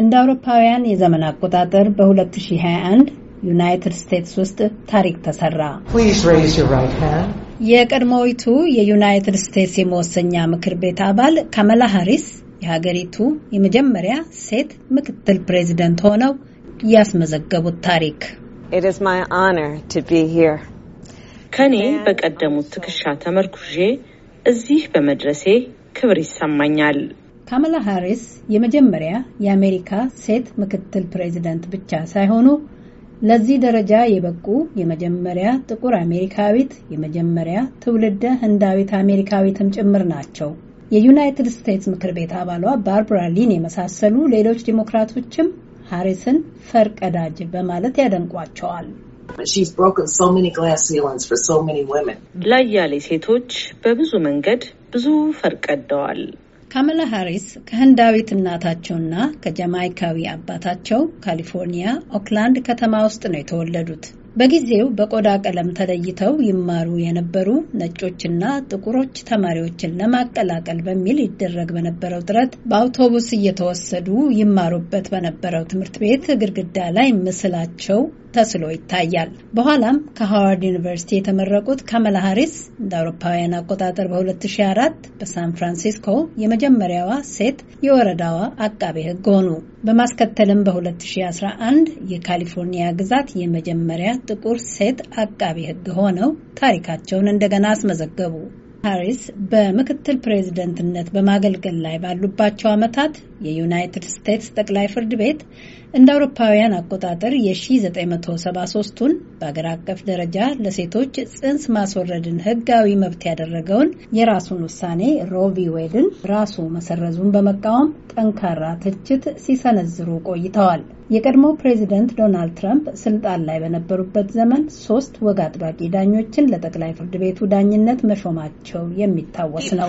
እንደ አውሮፓውያን የዘመን አቆጣጠር በ2021 ዩናይትድ ስቴትስ ውስጥ ታሪክ ተሰራ። የቀድሞዊቱ የዩናይትድ ስቴትስ የመወሰኛ ምክር ቤት አባል ካመላ ሃሪስ የሀገሪቱ የመጀመሪያ ሴት ምክትል ፕሬዚደንት ሆነው ያስመዘገቡት ታሪክ ከኔ በቀደሙት ትከሻ ተመርኩዤ እዚህ በመድረሴ ክብር ይሰማኛል። ካመላ ሃሪስ የመጀመሪያ የአሜሪካ ሴት ምክትል ፕሬዚደንት ብቻ ሳይሆኑ ለዚህ ደረጃ የበቁ የመጀመሪያ ጥቁር አሜሪካዊት፣ የመጀመሪያ ትውልደ ህንዳዊት አሜሪካዊትም ጭምር ናቸው። የዩናይትድ ስቴትስ ምክር ቤት አባሏ ባርብራ ሊን የመሳሰሉ ሌሎች ዲሞክራቶችም ሃሪስን ፈርቀዳጅ በማለት ያደንቋቸዋል። ለአያሌ ሴቶች በብዙ መንገድ ብዙ ፈርቀደዋል። ካመላ ሃሪስ ከህንዳዊት እናታቸውና ከጃማይካዊ አባታቸው ካሊፎርኒያ ኦክላንድ ከተማ ውስጥ ነው የተወለዱት። በጊዜው በቆዳ ቀለም ተለይተው ይማሩ የነበሩ ነጮችና ጥቁሮች ተማሪዎችን ለማቀላቀል በሚል ይደረግ በነበረው ጥረት በአውቶቡስ እየተወሰዱ ይማሩበት በነበረው ትምህርት ቤት ግድግዳ ላይ ምስላቸው ተስሎ ይታያል። በኋላም ከሃዋርድ ዩኒቨርሲቲ የተመረቁት ካመላ ሃሪስ እንደ አውሮፓውያን አቆጣጠር በ2004 በሳን ፍራንሲስኮ የመጀመሪያዋ ሴት የወረዳዋ አቃቤ ሕግ ሆኑ። በማስከተልም በ2011 የካሊፎርኒያ ግዛት የመጀመሪያ ጥቁር ሴት አቃቢ ሕግ ሆነው ታሪካቸውን እንደገና አስመዘገቡ። ሃሪስ በምክትል ፕሬዝደንትነት በማገልገል ላይ ባሉባቸው ዓመታት የዩናይትድ ስቴትስ ጠቅላይ ፍርድ ቤት እንደ አውሮፓውያን አቆጣጠር የ1973ቱን በአገር አቀፍ ደረጃ ለሴቶች ጽንስ ማስወረድን ሕጋዊ መብት ያደረገውን የራሱን ውሳኔ ሮቪ ዌድን ራሱ መሰረዙን በመቃወም ጠንካራ ትችት ሲሰነዝሩ ቆይተዋል። የቀድሞው ፕሬዚደንት ዶናልድ ትራምፕ ስልጣን ላይ በነበሩበት ዘመን ሶስት ወግ አጥባቂ ዳኞችን ለጠቅላይ ፍርድ ቤቱ ዳኝነት መሾማቸው የሚታወስ ነው።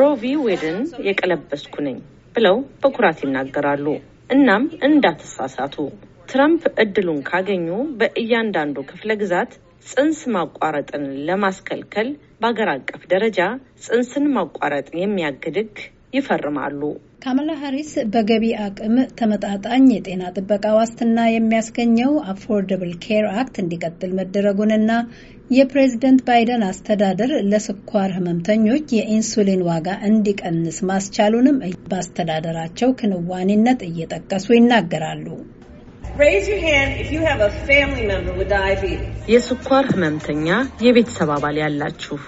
ሮቪ ዌድን የቀለበስኩ ነኝ ብለው በኩራት ይናገራሉ። እናም እንዳትሳሳቱ። ትራምፕ እድሉን ካገኙ በእያንዳንዱ ክፍለ ግዛት ጽንስ ማቋረጥን ለማስከልከል በአገር አቀፍ ደረጃ ጽንስን ማቋረጥ የሚያግድ ይፈርማሉ። ካማላ ሀሪስ በገቢ አቅም ተመጣጣኝ የጤና ጥበቃ ዋስትና የሚያስገኘው አፎርደብል ኬር አክት እንዲቀጥል መደረጉንና የፕሬዝደንት ባይደን አስተዳደር ለስኳር ህመምተኞች የኢንሱሊን ዋጋ እንዲቀንስ ማስቻሉንም በአስተዳደራቸው ክንዋኔነት እየጠቀሱ ይናገራሉ። የስኳር ህመምተኛ የቤተሰብ አባል ያላችሁ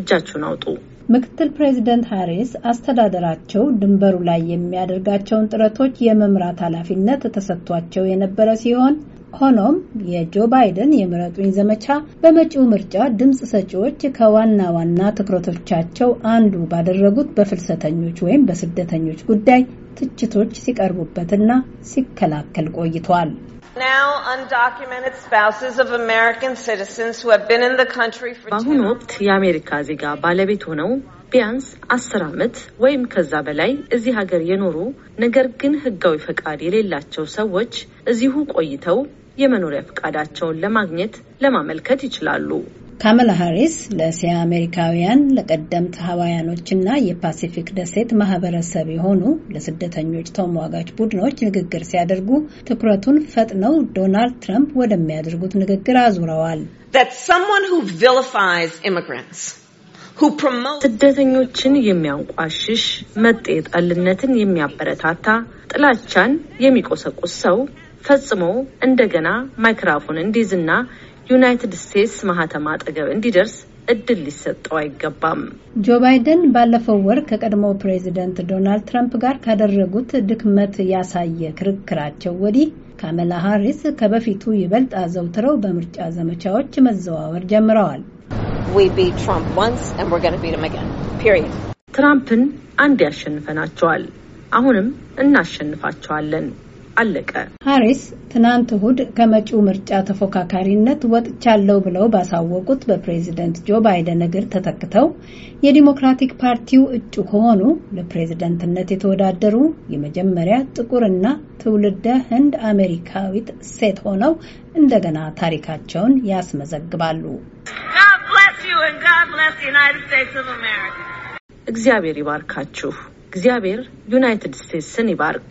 እጃችሁን አውጡ። ምክትል ፕሬዚደንት ሃሪስ አስተዳደራቸው ድንበሩ ላይ የሚያደርጋቸውን ጥረቶች የመምራት ኃላፊነት ተሰጥቷቸው የነበረ ሲሆን ሆኖም የጆ ባይደን የምረጡኝ ዘመቻ በመጪው ምርጫ ድምፅ ሰጪዎች ከዋና ዋና ትኩረቶቻቸው አንዱ ባደረጉት በፍልሰተኞች ወይም በስደተኞች ጉዳይ ትችቶች ሲቀርቡበትና ሲከላከል ቆይቷል። በአሁኑ ወቅት የአሜሪካ ዜጋ ባለቤት ሆነው ቢያንስ አስር ዓመት ወይም ከዛ በላይ እዚህ ሀገር የኖሩ ነገር ግን ሕጋዊ ፈቃድ የሌላቸው ሰዎች እዚሁ ቆይተው የመኖሪያ ፈቃዳቸውን ለማግኘት ለማመልከት ይችላሉ። ካመላ ሃሪስ ለእስያ አሜሪካውያን፣ ለቀደምት ሀዋያኖችና የፓሲፊክ ደሴት ማህበረሰብ የሆኑ ለስደተኞች ተሟጋች ቡድኖች ንግግር ሲያደርጉ ትኩረቱን ፈጥነው ዶናልድ ትራምፕ ወደሚያደርጉት ንግግር አዙረዋል። ስደተኞችን የሚያንቋሽሽ መጤ ጠልነትን የሚያበረታታ ጥላቻን የሚቆሰቁስ ሰው ፈጽሞ እንደገና ማይክራፎን እንዲይዝና ዩናይትድ ስቴትስ ማህተም አጠገብ እንዲደርስ እድል ሊሰጠው አይገባም። ጆ ባይደን ባለፈው ወር ከቀድሞ ፕሬዚደንት ዶናልድ ትራምፕ ጋር ካደረጉት ድክመት ያሳየ ክርክራቸው ወዲህ ካመላ ሃሪስ ከበፊቱ ይበልጥ አዘውትረው በምርጫ ዘመቻዎች መዘዋወር ጀምረዋል። ትራምፕን አንድ ያሸንፈናቸዋል፣ አሁንም እናሸንፋቸዋለን። አለቀ። ሃሪስ ትናንት እሁድ ከመጪው ምርጫ ተፎካካሪነት ወጥቻለሁ ብለው ባሳወቁት በፕሬዚደንት ጆ ባይደን እግር ተተክተው የዲሞክራቲክ ፓርቲው እጩ ከሆኑ ለፕሬዝደንትነት የተወዳደሩ የመጀመሪያ ጥቁርና ትውልደ ህንድ አሜሪካዊት ሴት ሆነው እንደገና ታሪካቸውን ያስመዘግባሉ። እግዚአብሔር ይባርካችሁ። እግዚአብሔር ዩናይትድ ስቴትስን ይባርክ።